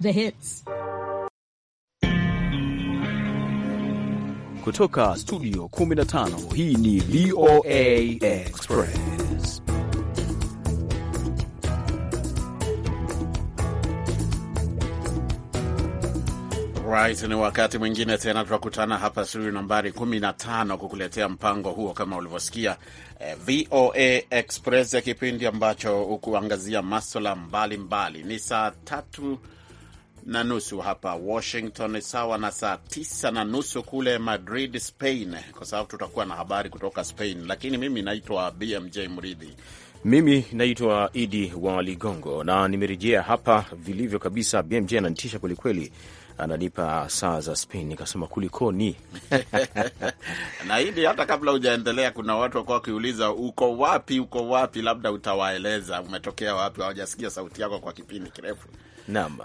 The Hits. Kutoka studio 15 hii ni VOA Express. Right, ni wakati mwingine tena tunakutana hapa studio nambari 15 kukuletea mpango huo kama ulivyosikia, eh, VOA Express ya kipindi ambacho hukuangazia maswala mbalimbali. Ni saa tatu na nusu hapa Washington, sawa na saa tisa na nusu kule Madrid, Spain, kwa sababu tutakuwa na habari kutoka Spain. Lakini mimi naitwa BMJ Mridhi. Mimi naitwa Idi wa Ligongo na nimerejea hapa vilivyo kabisa. BMJ ananitisha kwelikweli, ananipa saa za Spain nikasema kulikoni? na Idi, hata kabla hujaendelea, kuna watu wakuwa wakiuliza uko wapi, uko wapi, labda utawaeleza umetokea wapi, hawajasikia sauti yako kwa kipindi kirefu. Naam,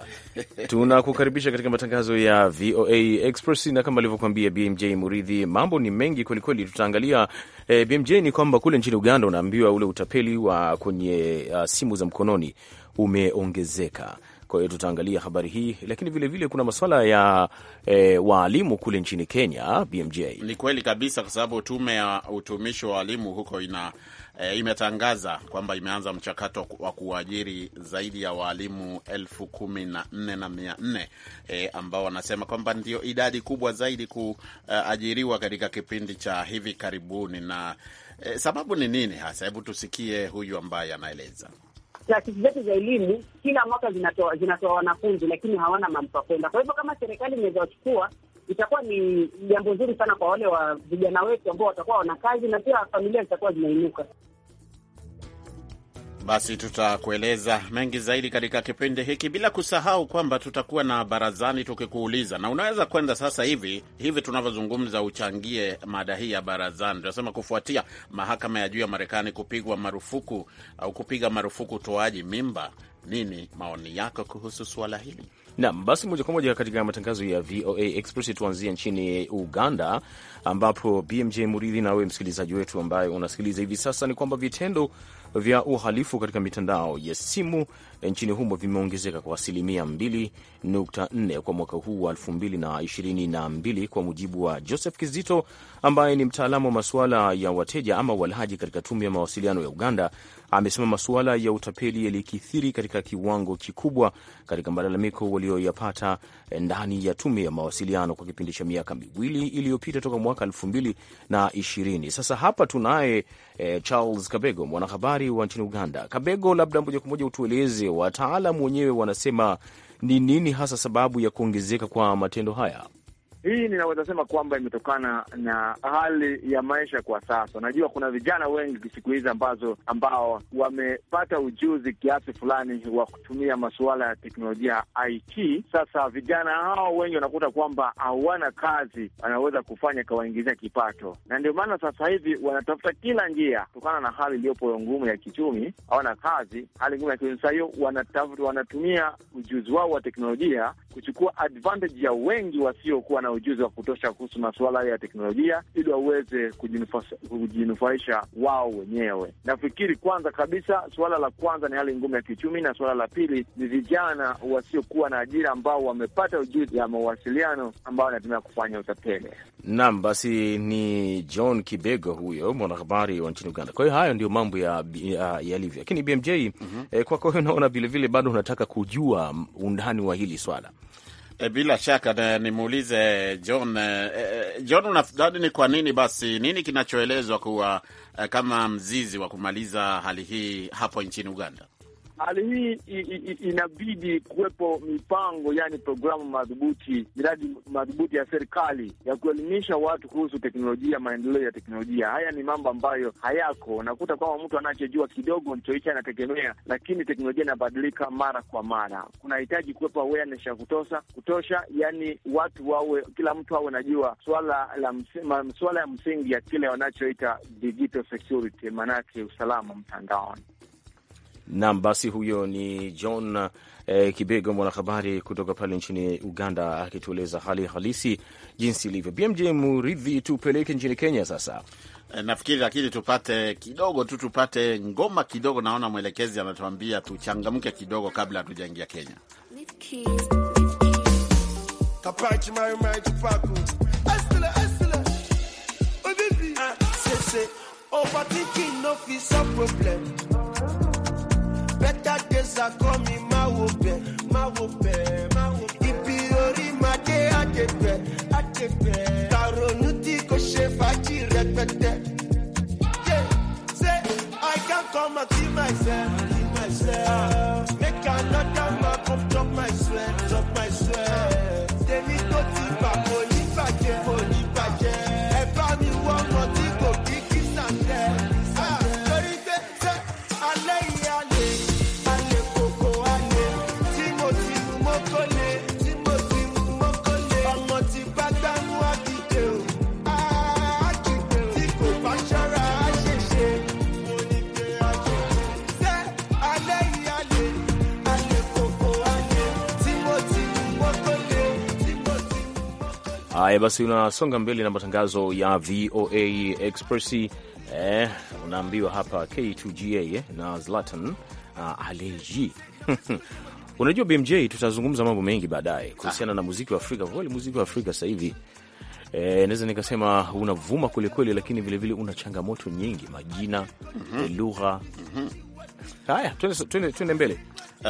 tunakukaribisha katika matangazo ya VOA Express na kama alivyokuambia BMJ Muridhi, mambo ni mengi kwelikweli. Tutaangalia eh, BMJ ni kwamba kule nchini Uganda unaambiwa ule utapeli wa kwenye uh, simu za mkononi umeongezeka. Kwa hiyo tutaangalia habari hii, lakini vilevile vile kuna masuala ya e, waalimu kule nchini Kenya. BMJ, ni kweli kabisa, kwa sababu tume ya utumishi wa waalimu huko ina e, imetangaza kwamba imeanza mchakato wa kuajiri zaidi ya waalimu elfu kumi na nne na mia nne e, ambao wanasema kwamba ndio idadi kubwa zaidi kuajiriwa katika kipindi cha hivi karibuni. Na e, sababu ni nini hasa? Hebu tusikie huyu ambaye anaeleza. Taasisi zetu za elimu kila mwaka zinatoa zinatoa wanafunzi, lakini hawana mahali pa kwenda. Kwa hivyo kama serikali inaweza itakuwa ni jambo zuri sana kwa wale wa vijana wetu ambao watakuwa wana kazi na pia familia zitakuwa zinainuka. Basi tutakueleza mengi zaidi katika kipindi hiki, bila kusahau kwamba tutakuwa na barazani tukikuuliza, na unaweza kwenda sasa hivi hivi tunavyozungumza uchangie mada hii ya barazani. Tunasema kufuatia mahakama ya juu ya Marekani kupigwa marufuku au kupiga marufuku utoaji mimba, nini maoni yako kuhusu suala hili? Nam, basi moja kwa moja katika matangazo ya VOA Express tuanzia nchini Uganda, ambapo BMJ Muridhi, nawe msikilizaji wetu ambaye unasikiliza hivi sasa, ni kwamba vitendo vya uhalifu katika mitandao ya simu nchini humo vimeongezeka kwa asilimia 2.4 kwa mwaka huu wa 2022 kwa mujibu wa Joseph Kizito ambaye ni mtaalamu wa masuala ya wateja ama walaji katika tume ya mawasiliano ya Uganda. Amesema masuala ya utapeli yalikithiri katika kiwango kikubwa katika malalamiko walioyapata ndani ya tume ya mawasiliano kwa kipindi cha miaka miwili iliyopita toka mwaka 220 Sasa hapa tunaye eh, Charles Kabego, mwanahabari wa nchini Uganda. Kabego, labda moja kwa moja utueleze wataalam wenyewe wanasema ni nini hasa sababu ya kuongezeka kwa matendo haya? hii ninaweza sema kwamba imetokana na hali ya maisha kwa sasa. Najua kuna vijana wengi siku hizi ambazo ambao wamepata ujuzi kiasi fulani wa kutumia masuala ya teknolojia IT. Sasa vijana hao wengi wanakuta kwamba hawana kazi wanaweza kufanya kawaingizia kipato, na ndio maana sasa hivi wanatafuta kila njia, kutokana na hali iliyopo ngumu ya kichumi. Hawana kazi, hali ngumu ya kichumi. Sasa hiyo wanatafuta, wanatumia ujuzi wao wa teknolojia kuchukua advantage ya wengi wasiokuwa na ujuzi wa kutosha kuhusu masuala ya teknolojia ili waweze kujinufaisha wao wenyewe. Nafikiri kwanza kabisa, suala la kwanza ni hali ngumu ya kiuchumi, na suala la pili ni vijana wasiokuwa na ajira ambao wamepata ujuzi ya mawasiliano ambao wanatumia kufanya utapele. Naam, basi ni John Kibego huyo mwanahabari wa nchini Uganda. Kwa hiyo hayo ndio mambo yalivyo ya, lakini BMJ mm -hmm. Eh, kwako naona vilevile bado unataka kujua undani wa hili swala E, bila shaka nimuulize John. E, John, unadhani ni kwa nini basi, nini kinachoelezwa kuwa e, kama mzizi wa kumaliza hali hii hapo nchini Uganda? hali hii inabidi kuwepo mipango, yani programu madhubuti, miradi madhubuti ya serikali ya kuelimisha watu kuhusu teknolojia, maendeleo ya teknolojia. Haya ni mambo ambayo hayako. Unakuta kwamba mtu anachojua kidogo ndicho hicho anategemea, lakini teknolojia inabadilika mara kwa mara. Kunahitaji kuwepo awareness ya kutosha kutosha, yani watu wawe, kila mtu awe najua swala la ya msingi ya kile wanachoita digital security, maanake usalama mtandaoni. Naam, basi huyo ni John eh, Kibego, mwanahabari kutoka pale nchini Uganda, akitueleza hali halisi jinsi ilivyo. BMJ Muridhi, tupeleke nchini Kenya sasa. Eh, nafikiri lakini tupate kidogo tu, tupate ngoma kidogo. Naona mwelekezi anatuambia tuchangamke kidogo kabla hatujaingia Kenya. better days are coming, my my my Yeah, say I can come and see myself, myself. Make another man come my sweat. Haya basi, unasonga mbele na matangazo ya VOA Express. Eh, unaambiwa hapa K2GA eh, na Zlatan uh, Aleji unajua BMJ, tutazungumza mambo mengi baadaye kuhusiana ah, na muziki wa Afrika. Kwa kweli muziki wa Afrika sasa hivi eh, naweza nikasema unavuma kwelikweli, lakini vilevile una changamoto nyingi, majina mm -hmm. lugha mm -hmm. Haya, tuende mbele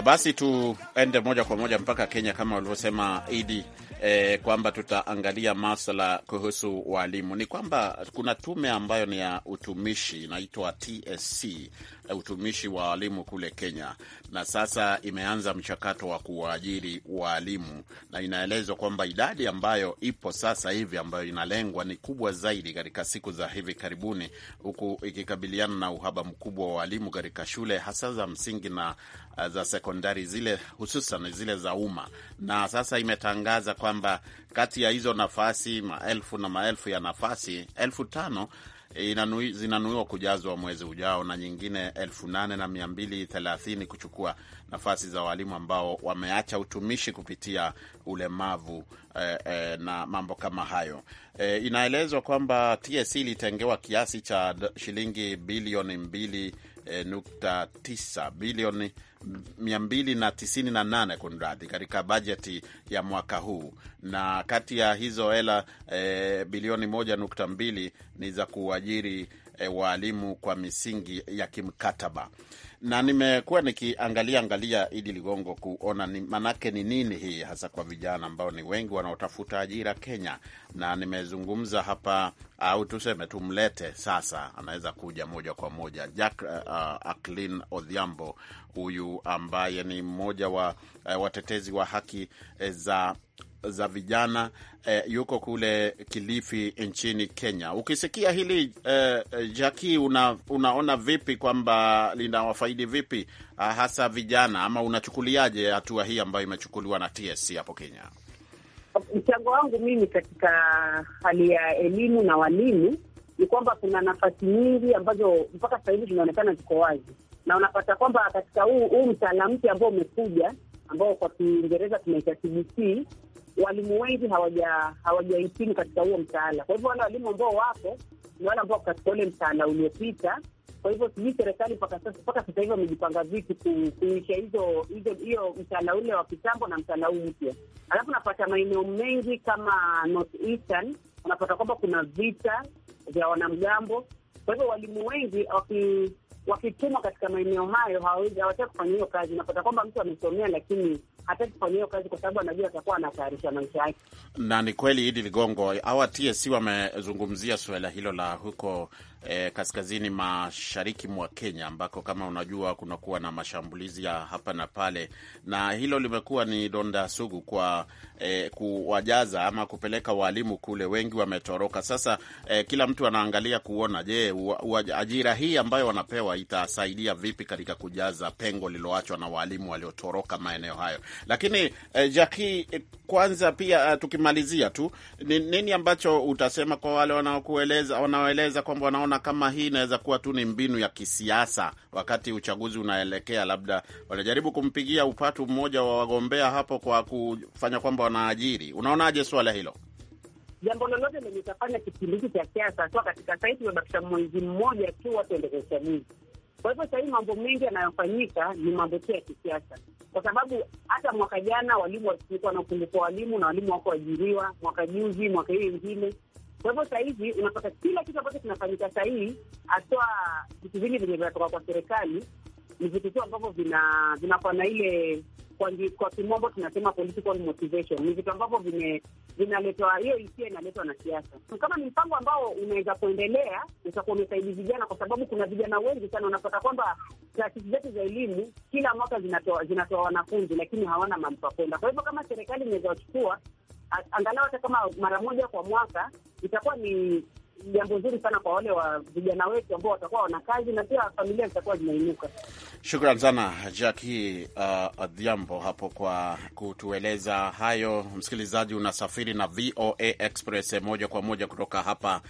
basi, tuende moja kwa moja mpaka Kenya kama walivyosema Idi eh, kwamba tutaangalia masala kuhusu walimu, ni kwamba kuna tume ambayo ni ya utumishi inaitwa TSC, eh, utumishi wa walimu kule Kenya, na sasa imeanza mchakato wa kuwaajiri walimu, na inaelezwa kwamba idadi ambayo ipo sasa hivi ambayo inalengwa ni kubwa zaidi katika siku za hivi karibuni, huku ikikabiliana na uhaba mkubwa wa walimu katika shule hasa za msingi na eh, za sekondari, zile hususan zile za umma, na sasa imetangaza kwamba kwamba kati ya hizo nafasi maelfu na maelfu ya nafasi elfu tano eh, zinanuiwa kujazwa mwezi ujao na nyingine elfu nane na mia mbili thelathini kuchukua nafasi za walimu ambao wameacha utumishi kupitia ulemavu eh, eh, na mambo kama hayo. Eh, inaelezwa kwamba TSC e ilitengewa kiasi cha shilingi bilioni mbili e, nukta tisa bilioni 298 kunradhi, katika bajeti ya mwaka huu, na kati ya hizo hela e, bilioni 1.2 ni za kuajiri e, eh, waalimu kwa misingi ya kimkataba. Na nimekuwa nikiangalia angalia Idi Ligongo kuona ni, manake ni nini hii hasa kwa vijana ambao ni wengi wanaotafuta ajira Kenya, na nimezungumza hapa au tuseme tumlete sasa, anaweza kuja moja kwa moja Jack uh, Aklin Odhiambo huyu ambaye ni mmoja wa uh, watetezi wa haki za za vijana e, yuko kule Kilifi nchini Kenya. Ukisikia hili e, eh, Jaki, una, unaona vipi kwamba linawafaidi vipi ah, hasa vijana ama unachukuliaje hatua hii ambayo imechukuliwa na TSC hapo Kenya? Mchango wangu mimi katika hali ya elimu na walimu ni kwamba kuna nafasi nyingi ambazo mpaka sasa hivi ziko wazi, na unapata kwamba katika huu huu mtaala mpya ambao umekuja ambao kwa Kiingereza tunaita CBC walimu wengi hawaja hawajahitimu katika huo mtaala. Kwa hivyo wale walimu ambao wapo ni wale ambao katika ule mtaala uliopita. Kwa hivyo sijui serikali mpaka sasa mpaka sasa hivi wamejipanga vipi kuisha hizo hizo hiyo mtaala ule wa kitambo na mtaala huu mpya. Alafu unapata maeneo mengi kama North unapata kwamba kuna vita vya wanamgambo. Kwa hivyo walimu wengi wakitumwa katika maeneo hayo hawataki kufanya hiyo kazi. Unapata kwamba mtu amesomea lakini hataki kufanya hiyo kazi kwa sababu anajua atakuwa anatayarisha maisha yake. Na ni kweli, Idi Ligongo, hawa TSC wamezungumzia suala hilo la huko e, kaskazini mashariki mwa Kenya ambako kama unajua kunakuwa na mashambulizi ya hapa na pale, na hilo limekuwa ni donda sugu kwa e, kuwajaza ama kupeleka waalimu kule, wengi wametoroka. Sasa E, kila mtu anaangalia kuona, je, ajira hii ambayo wanapewa itasaidia vipi katika kujaza pengo lililoachwa na waalimu waliotoroka maeneo hayo. Lakini eh, Jackie, kwanza pia tukimalizia tu nini ambacho utasema kwa wale wanaokueleza wanaoeleza kwamba wanaona unaona kama hii inaweza kuwa tu ni mbinu ya kisiasa wakati uchaguzi unaelekea, labda wanajaribu kumpigia upatu mmoja wa wagombea hapo kwa kufanya kwamba wanaajiri? Unaonaje swala hilo? Jambo lolote lenye itafanya kipindi hiki cha siasa sa katika sahii, tumebakisha mwezi mmoja tu watu waendesha uchaguzi. Kwa hivyo sahii mambo mengi yanayofanyika ni mambo tu ya kisiasa, kwa sababu hata mwaka jana walimu walikuwa na upungufu wa walimu na walimu wako ajiriwa mwaka juzi, mwaka hiyo ingine kwa hivyo sahizi unapata kila kitu ambacho kinafanyika sahii hii, vitu vingi vyenye vinatoka kwa serikali, ni vitu tu ambavyo vina vinakuwa na ile kwa kimombo tunasema political motivation. Ni vitu ambavyo vinaletwa, hiyo hisia inaletwa na siasa. Kama ni mpango ambao unaweza kuendelea, utakuwa umesaidi vijana, kwa sababu kuna vijana wengi sana. Unapata kwamba taasisi zetu za elimu kila mwaka zinatoa zinatoa wanafunzi, lakini hawana mahali pa kwenda. Kwa hivyo kama serikali inaweza wachukua angalau hata kama mara moja kwa mwaka, itakuwa ni jambo zuri sana kwa wale wa vijana wetu ambao watakuwa wana kazi na pia familia zitakuwa zinainuka. Shukran sana Jackie uh, Adhiambo hapo kwa kutueleza hayo. Msikilizaji, unasafiri na VOA Express moja kwa moja kutoka hapa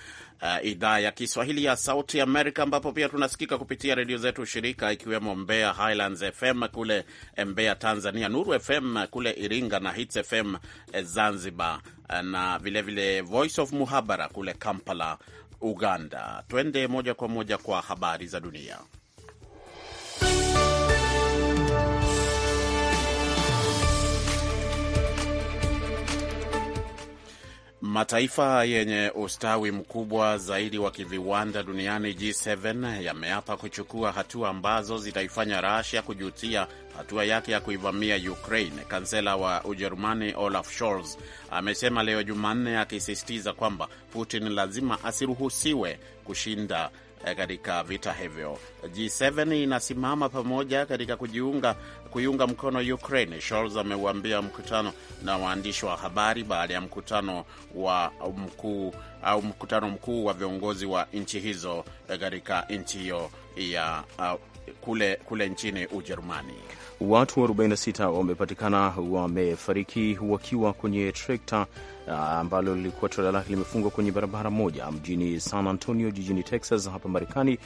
uh, idhaa ya Kiswahili ya Sauti Amerika, ambapo pia tunasikika kupitia redio zetu shirika ikiwemo Mbeya Highlands FM kule eh, Mbeya Tanzania, Nuru FM kule Iringa na Hits FM eh, Zanzibar, eh, na vilevile vile Voice of Muhabara kule Kampala, Uganda. Twende moja kwa moja kwa habari za dunia. Mataifa yenye ustawi mkubwa zaidi wa kiviwanda duniani G7 yameapa kuchukua hatua ambazo zitaifanya Russia kujutia hatua yake ya kuivamia Ukraine. Kansela wa Ujerumani Olaf Scholz amesema leo Jumanne, akisisitiza kwamba Putin lazima asiruhusiwe kushinda Eh, katika vita hivyo. G7 inasimama pamoja katika kujiunga kuiunga mkono Ukraine, Scholz ameuambia mkutano na waandishi wa habari baada ya mkutano wa mkuu au mkutano mkuu wa viongozi wa nchi hizo eh, katika nchi hiyo ya kule, kule nchini Ujerumani. Watu 46 wamepatikana wamefariki wakiwa kwenye trekta Ah, ambalo lilikuwa trela lake limefungwa kwenye barabara moja mjini San Antonio jijini Texas hapa Marekani,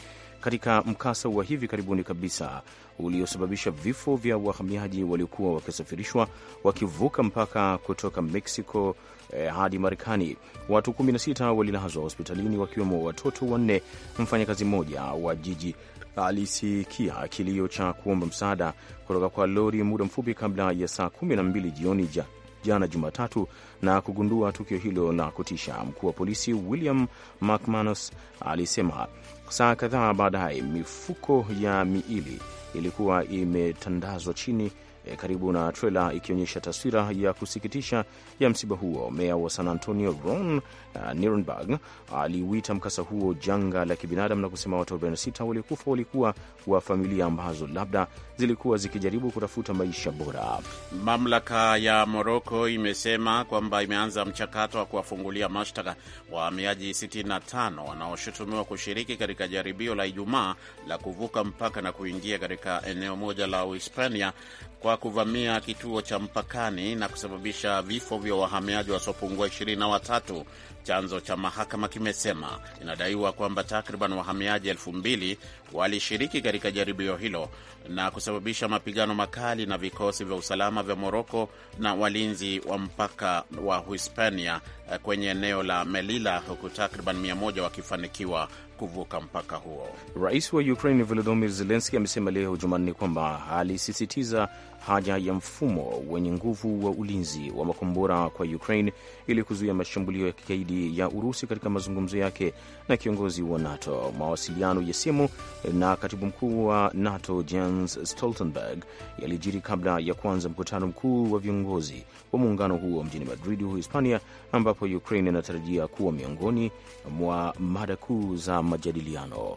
katika mkasa wa hivi karibuni kabisa uliosababisha vifo vya wahamiaji waliokuwa wakisafirishwa wakivuka mpaka kutoka Mexico eh, hadi Marekani. Watu 16 walilazwa hospitalini wakiwemo watoto wanne. Mfanyakazi mmoja wa jiji alisikia kilio cha kuomba msaada kutoka kwa lori muda mfupi kabla ya saa 12 jioni ja jana Jumatatu na kugundua tukio hilo la kutisha. Mkuu wa polisi William McManus alisema saa kadhaa baadaye mifuko ya miili ilikuwa imetandazwa chini e, karibu na trela, ikionyesha taswira ya kusikitisha ya msiba huo. Meya wa San Antonio Ron uh, Nirenberg aliuita mkasa huo janga la kibinadamu na kusema watu 46 waliokufa walikuwa wa familia ambazo labda zilikuwa zikijaribu kutafuta maisha bora. Mamlaka ya Moroko imesema kwamba imeanza mchakato wa kuwafungulia mashtaka wahamiaji 65 wanaoshutumiwa kushiriki katika jaribio la Ijumaa la kuvuka mpaka na kuingia katika eneo moja la Uhispania kwa kuvamia kituo cha mpakani na kusababisha vifo vya wahamiaji wasiopungua ishirini na watatu. Chanzo cha mahakama kimesema inadaiwa kwamba takriban wahamiaji elfu mbili walishiriki katika jaribio hilo na kusababisha mapigano makali na vikosi vya usalama vya Moroko na walinzi wa mpaka wa Hispania eh, kwenye eneo la melila huku takriban mia moja wakifanikiwa kuvuka mpaka huo. Rais wa Ukraine Volodymyr zelenski amesema leo Jumanne kwamba alisisitiza haja ya mfumo wenye nguvu wa ulinzi wa makombora kwa Ukraine ili kuzuia mashambulio ya kigaidi ya Urusi katika mazungumzo yake na kiongozi wa NATO. Mawasiliano ya simu na katibu mkuu wa NATO Jens Stoltenberg yalijiri kabla ya kuanza mkutano mkuu wa viongozi wa muungano huo mjini Madrid, hispania ambapo Ukraine inatarajia kuwa miongoni mwa mada kuu za majadiliano.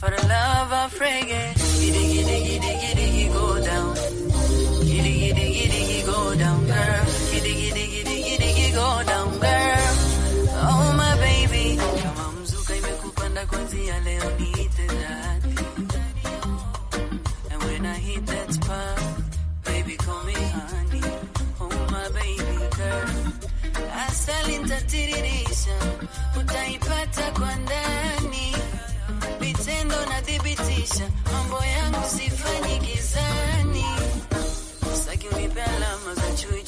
For the love of asali utaipata kwa ndani, vitendo nathibitisha, mambo yangu sifanyi gizani, saki unipe alama za chui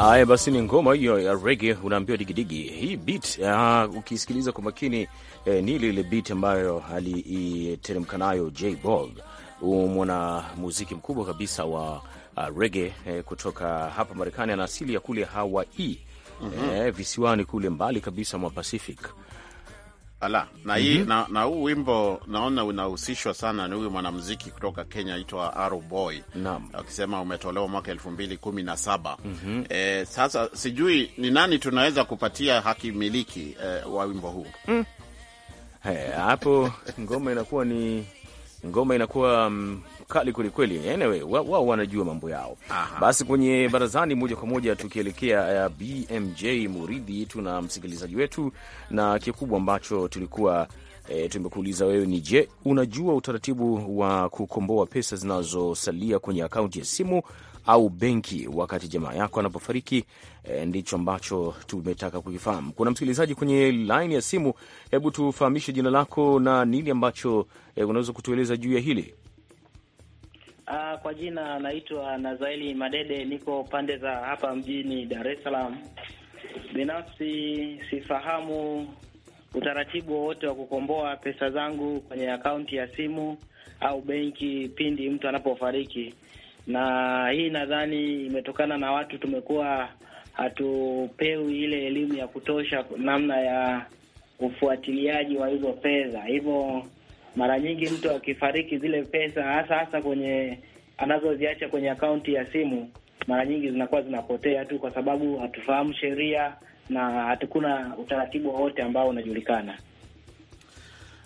Haya basi, ni ngoma hiyo ya rege, unaambiwa digidigi. Hii beat uh, ukisikiliza kwa makini eh, ni ile ile beat ambayo aliiteremka nayo J Bog, mwana muziki mkubwa kabisa wa uh, ah, rege eh, kutoka hapa Marekani. Ana asili ya kule Hawaii, mm -hmm. eh, visiwani kule mbali kabisa mwa Pacific Ala, na hii mm -hmm. na, na huu wimbo naona unahusishwa sana na huyu mwanamuziki kutoka Kenya aitwa Arrow Boy akisema umetolewa mwaka elfu mbili kumi na saba. mm -hmm. E, sasa sijui ni nani tunaweza kupatia haki miliki e, wa wimbo huu mm. eh, hapo Ngoma inakuwa ni ngoma inakuwa mkali mm, kwelikweli. Anyway, wao wanajua mambo yao. Aha. Basi kwenye barazani moja kwa moja tukielekea uh, eh, BMJ Muridhi, tuna msikilizaji wetu na kikubwa ambacho tulikuwa E, tumekuuliza wewe ni je, unajua utaratibu wa kukomboa pesa zinazosalia kwenye akaunti ya simu au benki wakati jamaa yako anapofariki E, ndicho ambacho tumetaka kukifahamu. Kuna msikilizaji kwenye laini ya simu, hebu tufahamishe jina lako na nini ambacho e, unaweza kutueleza juu ya hili. Uh, kwa jina naitwa Nazaeli Madede, niko pande za hapa mjini Dar es Salaam. Binafsi sifahamu utaratibu wowote wa kukomboa pesa zangu kwenye akaunti ya simu au benki pindi mtu anapofariki, na hii nadhani imetokana na watu tumekuwa hatupewi ile elimu ya kutosha namna ya ufuatiliaji wa hizo fedha. Hivyo mara nyingi mtu akifariki, zile pesa hasa hasa kwenye anazoziacha kwenye akaunti ya simu, mara nyingi zinakuwa zinapotea tu, kwa sababu hatufahamu sheria na hatukuna utaratibu wowote ambao unajulikana.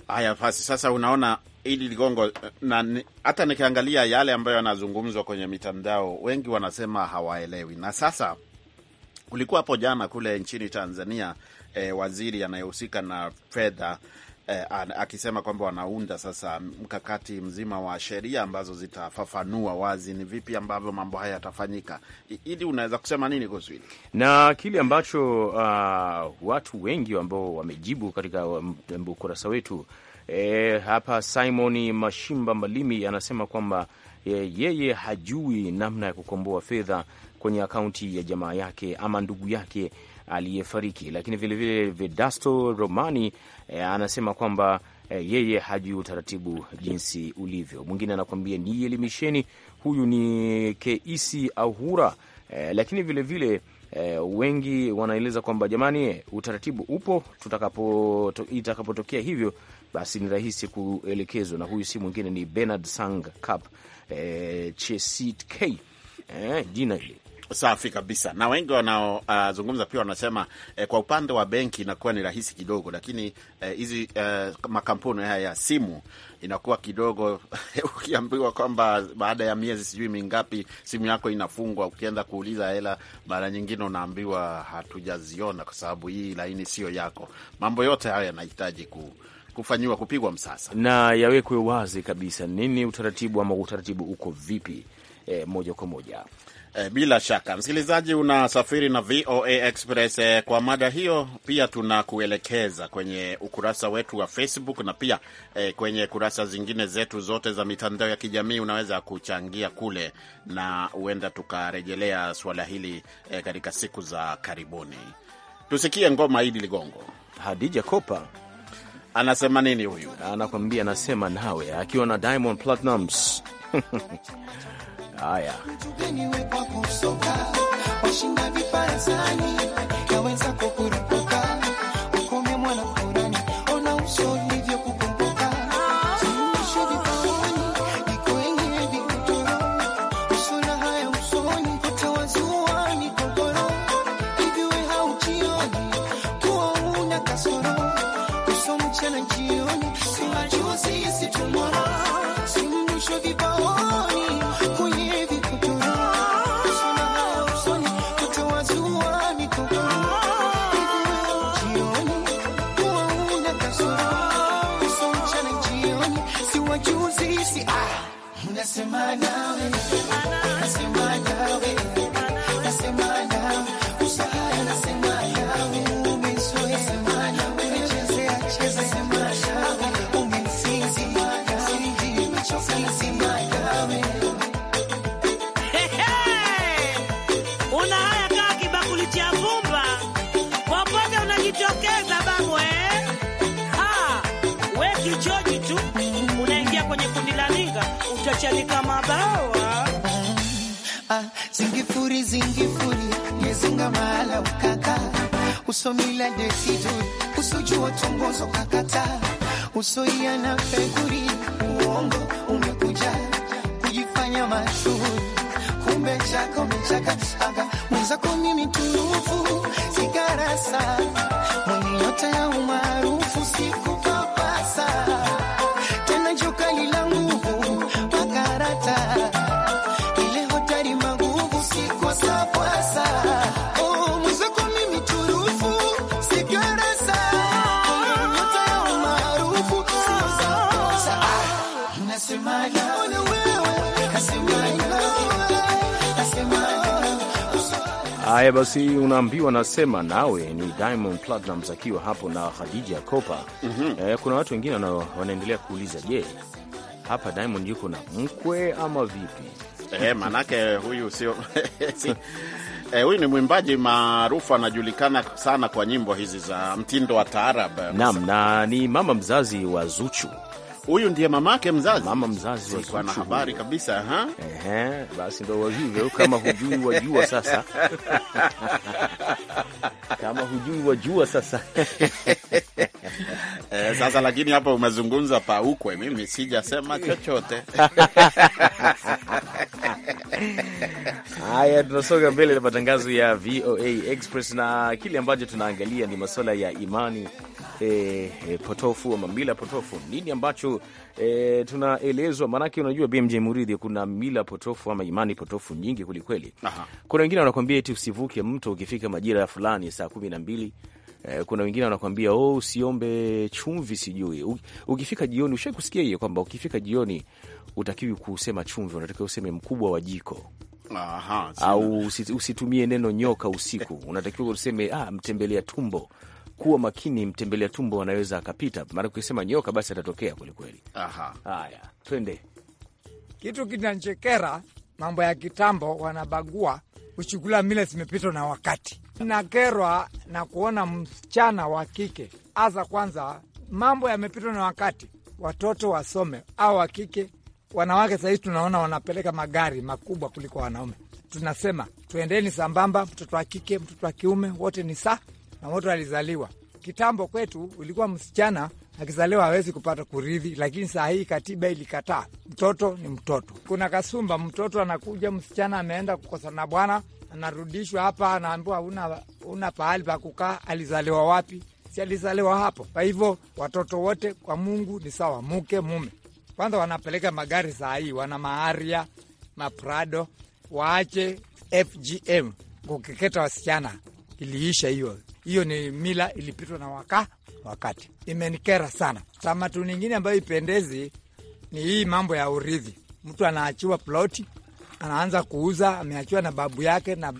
Haya basi, sasa unaona hili Ligongo, na hata nikiangalia yale ambayo yanazungumzwa kwenye mitandao, wengi wanasema hawaelewi na sasa Kulikuwa hapo jana kule nchini Tanzania e, waziri anayehusika na fedha E, akisema kwamba wanaunda sasa mkakati mzima wa sheria ambazo zitafafanua wazi ni vipi ambavyo mambo haya yatafanyika. Ili unaweza kusema nini kuhusu hili na kile ambacho uh, watu wengi ambao wamejibu katika um, um, ukurasa wetu e, hapa Simon Mashimba Malimi anasema kwamba yeye hajui namna ya kukomboa fedha kwenye akaunti ya jamaa yake ama ndugu yake aliyefariki. Lakini vilevile Vedasto Romani e, anasema kwamba e, yeye hajui utaratibu jinsi ulivyo. Mwingine anakuambia nielimisheni, huyu ni Keisi Ahura. E, lakini vilevile vile, E, wengi wanaeleza kwamba jamani, utaratibu upo, to, itakapotokea hivyo basi ni rahisi kuelekezwa, na huyu si mwingine ni Bernard Sang Cap e, Chesit K e, jina hili Safi kabisa. Na wengi wanaozungumza uh, pia wanasema eh, kwa upande wa benki inakuwa ni rahisi kidogo, lakini eh, hizi eh, eh, makampuni haya ya simu inakuwa kidogo ukiambiwa kwamba baada ya miezi sijui mingapi simu yako inafungwa, ukienda kuuliza hela, mara nyingine unaambiwa hatujaziona kwa sababu hii laini siyo yako. Mambo yote hayo yanahitaji ku kufanyiwa kupigwa msasa na yawekwe wazi kabisa, nini utaratibu ama utaratibu uko vipi, eh, moja kwa moja E, bila shaka msikilizaji, unasafiri na VOA Express. E, kwa mada hiyo pia tunakuelekeza kwenye ukurasa wetu wa Facebook na pia e, kwenye kurasa zingine zetu zote za mitandao ya kijamii. Unaweza kuchangia kule na huenda tukarejelea suala hili e, katika siku za karibuni. Tusikie ngoma Idi Ligongo. Hadija Kopa anasema nini huyu? Anakwambia, anasema nawe akiwa na Diamond Platnumz Haya. shali kama bawa ah, zingifuri zingifuri yezinga mahala ukaka usomila desituri usujua tongozo kakata usoia na feguri uongo umekuja kujifanya mashuhuri kumbe chako mechaka aga mwenzako mimi turufu sigarasa mwenye yote ya uma Haya basi, unaambiwa nasema nawe ni Diamond Platnumz akiwa hapo na Khadija Kopa. mm -hmm. E, kuna watu wengine wanaendelea kuuliza, je, hapa Diamond yuko na mkwe ama vipi? Eh, manake huyu sio Eh, huyu ni mwimbaji maarufu anajulikana sana kwa nyimbo hizi za mtindo wa taarab. Naam, na ni mama mzazi wa Zuchu Huyu ndiye mamake mzazi, mama mzazi wa na habari kabisa ha? Ehe, basi ndo wahivyo, kama hujui wajua sasa kama hujui wajua sasa. Eh, sasa lakini hapa umezungumza paukwe, mimi sijasema chochote. Haya, tunasonga mbele na matangazo ya VOA Express na kile ambacho tunaangalia ni masuala ya imani eh, eh, potofu ama mila potofu. Nini ambacho eh, tunaelezwa? Maanake unajua BMJ Muridhi, kuna mila potofu ama imani potofu nyingi kwelikweli. Kuna wengine wanakuambia eti usivuke mto ukifika majira ya fulani saa kumi na mbili eh, kuna wengine wanakwambia oh, usiombe chumvi sijui. Ukifika jioni, ushai kusikia hiyo kwamba ukifika jioni utakiwi kusema chumvi, unatakiwa useme mkubwa wa jiko. Aha, au usitumie neno nyoka usiku, unatakiwa useme ah, mtembelea tumbo kuwa makini, mtembelea tumbo anaweza akapita. Mara ukisema nyoka, basi atatokea kwelikweli. Haya, twende. Kitu kinanchekera, mambo ya kitambo, wanabagua kuchukula mila zimepitwa na wakati. Nakerwa na kuona msichana wa kike aza kwanza mambo yamepitwa na wakati, watoto wasome au wa kike. Wanawake sahizi tunaona wanapeleka magari makubwa kuliko wanaume. Tunasema tuendeni sambamba, mtoto wa kike, mtoto wa kiume, wote ni saa na wote walizaliwa. Kitambo kwetu ulikuwa msichana akizaliwa hawezi kupata kurithi, lakini saa hii katiba ilikataa. Mtoto ni mtoto. Kuna kasumba, mtoto anakuja, msichana ameenda kukosana na bwana, anarudishwa hapa, anaambiwa una, una pahali pa kukaa. Alizaliwa wapi? Si alizaliwa hapo. Kwa hivyo watoto wote kwa Mungu ni sawa, mke mume kwanza. Wanapeleka magari saa hii, wana maaria maprado, waache FGM kukeketa wasichana. Iliisha hiyo hiyo, ni mila ilipitwa na waka wakati. Imenikera sana. Tamatu nyingine ambayo ipendezi ni hii mambo ya urithi. Mtu anaachiwa ploti, anaanza kuuza, ameachiwa na babu yake na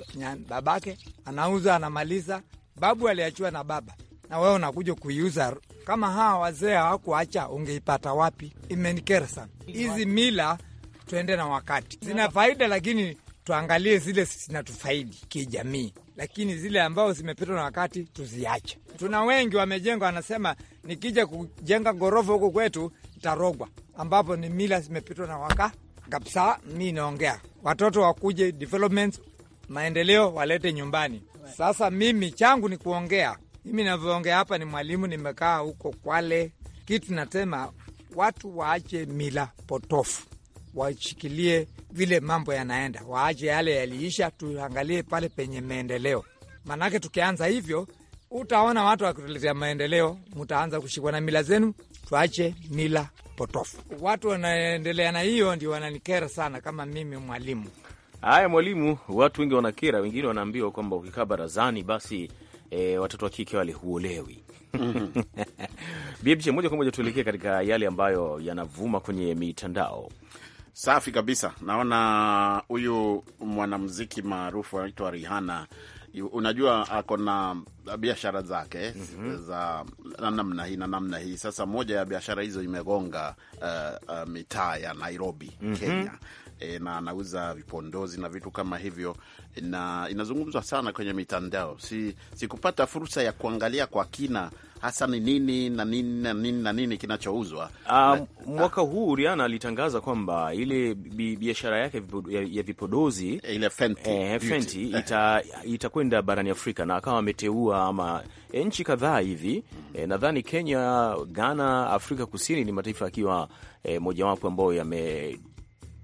babake, anauza, anamaliza. Babu aliachiwa na baba, na wewe unakuja kuiuza. Kama hawa wazee hawakuacha, ungeipata wapi? Imenikera sana. Hizi mila tuende na wakati, zina faida, lakini tuangalie zile zinatufaidi kijamii lakini zile ambao zimepitwa na wakati tuziache. Tuna wengi wamejengwa, anasema nikija kujenga ghorofa huku kwetu tarogwa ambapo ni mila zimepitwa na waka kabisa. Mi naongea watoto wakuje developments, maendeleo walete nyumbani. Sasa mimi changu ni kuongea. Mimi navyoongea hapa ni mwalimu, nimekaa huko Kwale. Kitu nasema watu waache mila potofu washikilie vile mambo yanaenda, waache yale yaliisha, tuangalie pale penye maendeleo. Maanake tukianza hivyo, utaona watu wakituletea maendeleo, mtaanza kushikwa na mila zenu. Tuache mila potofu. Watu wanaendelea na hiyo, ndio wananikera sana, kama mimi mwalimu. Haya, mwalimu, watu wengi wanakera, wengine wanaambiwa kwamba ukikaa barazani basi E, watoto wa kike wale huolewi. Moja kwa moja tuelekee katika yale ambayo yanavuma kwenye mitandao. Safi kabisa. Naona huyu mwanamuziki maarufu anaitwa Rihanna, unajua ako na biashara zake mm -hmm. za namna hii na namna hii. Sasa moja ya biashara hizo imegonga uh, uh, mitaa ya Nairobi mm -hmm. Kenya e, na anauza vipondozi na vitu kama hivyo, na inazungumzwa sana kwenye mitandao. Si, sikupata fursa ya kuangalia kwa kina hasa ni nini na nini na nini na nini kinachouzwa. Uh, mwaka huu Riana alitangaza kwamba ile biashara yake ya vipodozi eh, ile Fenty, eh, Fenty ita, itakwenda barani Afrika na akawa ameteua ama eh, nchi kadhaa hivi mm-hmm. eh, nadhani Kenya, Ghana, Afrika Kusini ni mataifa akiwa eh, mojawapo ambayo yame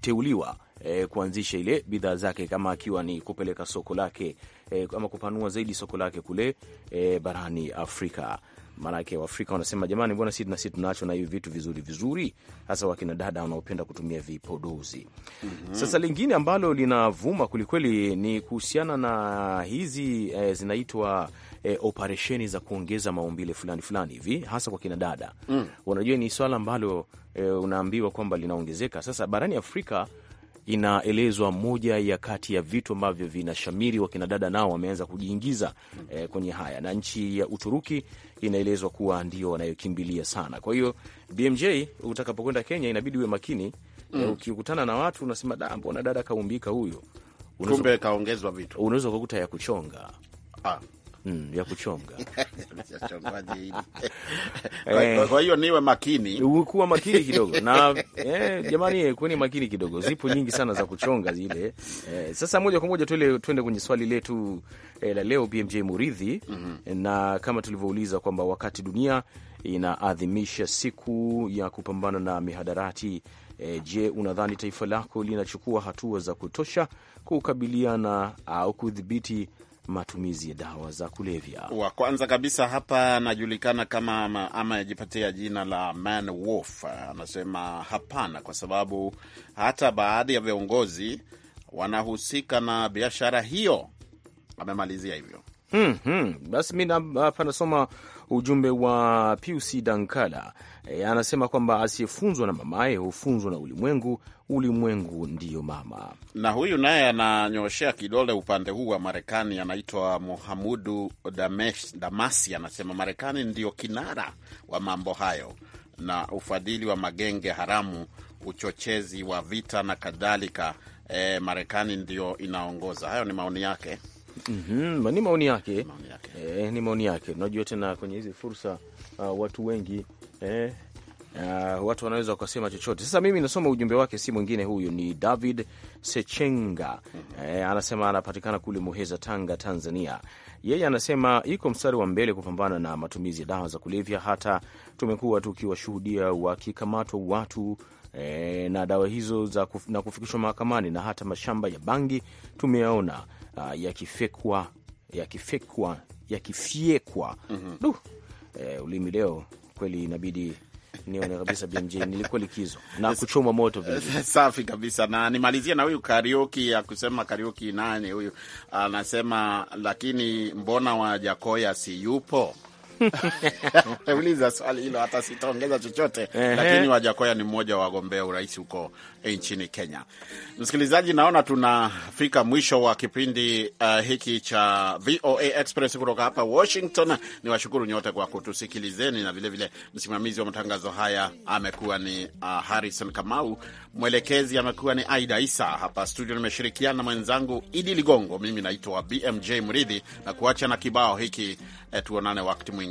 aliteuliwa e, eh, kuanzisha ile bidhaa zake kama akiwa ni kupeleka soko lake e, ama kupanua zaidi soko lake kule e, barani Afrika. Maanake Waafrika wanasema jamani, mbona si nasi tunacho na hivi vitu vizuri vizuri, hasa wakina dada wanaopenda kutumia vipodozi. mm -hmm. Sasa lingine ambalo linavuma kwelikweli ni kuhusiana na hizi eh, zinaitwa E, operesheni za kuongeza maumbile fulani fulani hivi, hasa kwa kina dada mm. Unajua ni swala ambalo e, unaambiwa kwamba linaongezeka sasa barani Afrika inaelezwa moja ya kati ya vitu ambavyo vinashamiri. Wakina dada nao wameanza kujiingiza eh, kwenye haya, na nchi ya Uturuki inaelezwa kuwa ndio wanayokimbilia sana. Kwa hiyo BMJ, utakapokwenda Kenya inabidi uwe makini eh, mm. Eh, ukikutana na watu unasema da, mbona dada kaumbika huyo, kumbe kaongezwa vitu, unaweza ukakuta ya kuchonga ah. Mm, ya kuchonga eh. kwa, hiyo niwe makini, kuwa makini kidogo na eh, jamani, kuweni makini kidogo, zipo nyingi sana za kuchonga zile eh. Sasa moja kwa moja tuende kwenye swali letu eh, la leo BMJ Muridhi mm -hmm. na kama tulivyouliza kwamba wakati dunia inaadhimisha siku ya kupambana na mihadarati E, je, unadhani taifa lako linachukua hatua za kutosha kukabiliana au kudhibiti matumizi ya dawa za kulevya. Wa kwanza kabisa hapa anajulikana kama ama, ama yajipatia jina la Man Wolf, anasema hapana, kwa sababu hata baadhi ya viongozi wanahusika na biashara hiyo. Amemalizia hivyo. Hmm, -hmm. Basi mi hapa nasoma ujumbe wa Pius Dankala e, anasema kwamba asiyefunzwa na mamaye hufunzwa na ulimwengu, ulimwengu ndiyo mama. Na huyu naye ananyoshea kidole upande huu wa Marekani, anaitwa muhamudu Damasi, anasema Marekani ndiyo kinara wa mambo hayo na ufadhili wa magenge haramu, uchochezi wa vita na kadhalika. E, Marekani ndiyo inaongoza. Hayo ni maoni yake mm -hmm. Ni maoni yake, maoni eh, ni maoni yake. Unajua tena kwenye hizi fursa uh, watu wengi eh, uh, watu wanaweza wakasema chochote. Sasa mimi nasoma ujumbe wake, si mwingine huyu, ni David Sechenga mm -hmm. Eh, anasema anapatikana kule Muheza, Tanga, Tanzania. Yeye anasema iko mstari wa mbele kupambana na matumizi ya dawa za kulevya, hata tumekuwa tukiwashuhudia wakikamatwa watu E, na dawa hizo za kuf, na kufikishwa mahakamani na hata mashamba ya bangi tumeyaona uh, yakifekwa yakifekwa yakifyekwa mm -hmm. Eh, ulimi leo kweli inabidi nione kabisa BMJ nilikuwa likizo na kuchoma moto vile. Safi kabisa, na nimalizie na huyu Karioki ya kusema Karioki nani huyu anasema, lakini mbona wa jakoya si yupo Uliza swali hilo, hata sitaongeza chochote lakini Wajakoya ni mmoja wa wagombea urais huko eh, nchini Kenya. Msikilizaji, naona tunafika mwisho wa kipindi uh, hiki cha VOA Express kutoka hapa Washington. Ni washukuru nyote kwa kutusikilizeni, na vilevile vile msimamizi wa matangazo haya amekuwa ni uh, Harrison Kamau, mwelekezi amekuwa ni Aida Isa. Hapa studio nimeshirikiana na mwenzangu Idi Ligongo, mimi naitwa BMJ Mridhi na kuacha na kibao hiki eh, tuonane wakati mwingine.